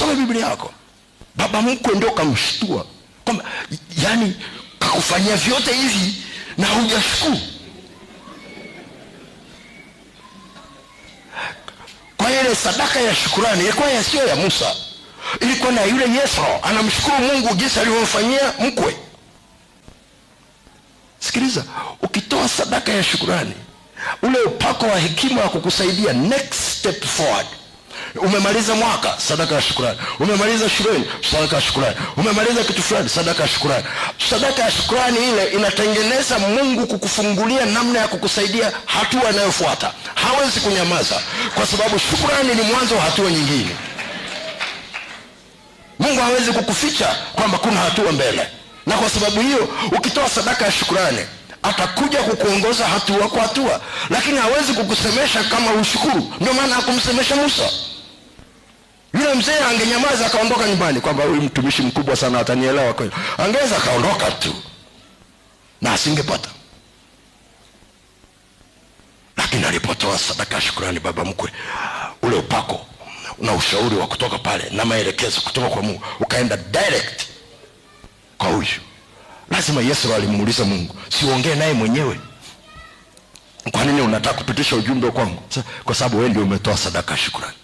kasome biblia yako baba mkwe ndio kamshtua kwamba yani kakufanyia vyote hivi na hujashukuru kwa ile sadaka ya shukurani ilikuwa yasiyo ya musa ilikuwa na yule yesu anamshukuru mungu jinsi alivyomfanyia mkwe sikiliza ukitoa sadaka ya shukurani ule upako wa hekima wa kukusaidia next step forward Umemaliza mwaka, sadaka ya shukrani. Umemaliza shuleni, sadaka ya shukrani. Umemaliza kitu fulani, sadaka ya shukrani. Sadaka ya shukrani ile inatengeneza Mungu kukufungulia namna ya kukusaidia hatua inayofuata. Hawezi kunyamaza, kwa sababu shukrani ni mwanzo wa hatua nyingine. Mungu hawezi kukuficha kwamba kuna hatua mbele, na kwa sababu hiyo ukitoa sadaka ya shukrani atakuja kukuongoza hatua kwa hatua, lakini hawezi kukusemesha kama ushukuru. Ndio maana hakumsemesha Musa. Yule mzee angenyamaza akaondoka nyumbani, kwamba huyu mtumishi mkubwa sana atanielewa kweli. Angeweza akaondoka tu na asingepata, lakini alipotoa sadaka ya shukurani, baba mkwe, ule upako na ushauri wa kutoka pale na maelekezo kutoka kwa Mungu ukaenda direct kwa huyu. Lazima Yesu alimuuliza Mungu, siongee naye mwenyewe? Kwa nini unataka kupitisha ujumbe kwangu? Kwa sababu wewe ndio umetoa sadaka ya shukurani.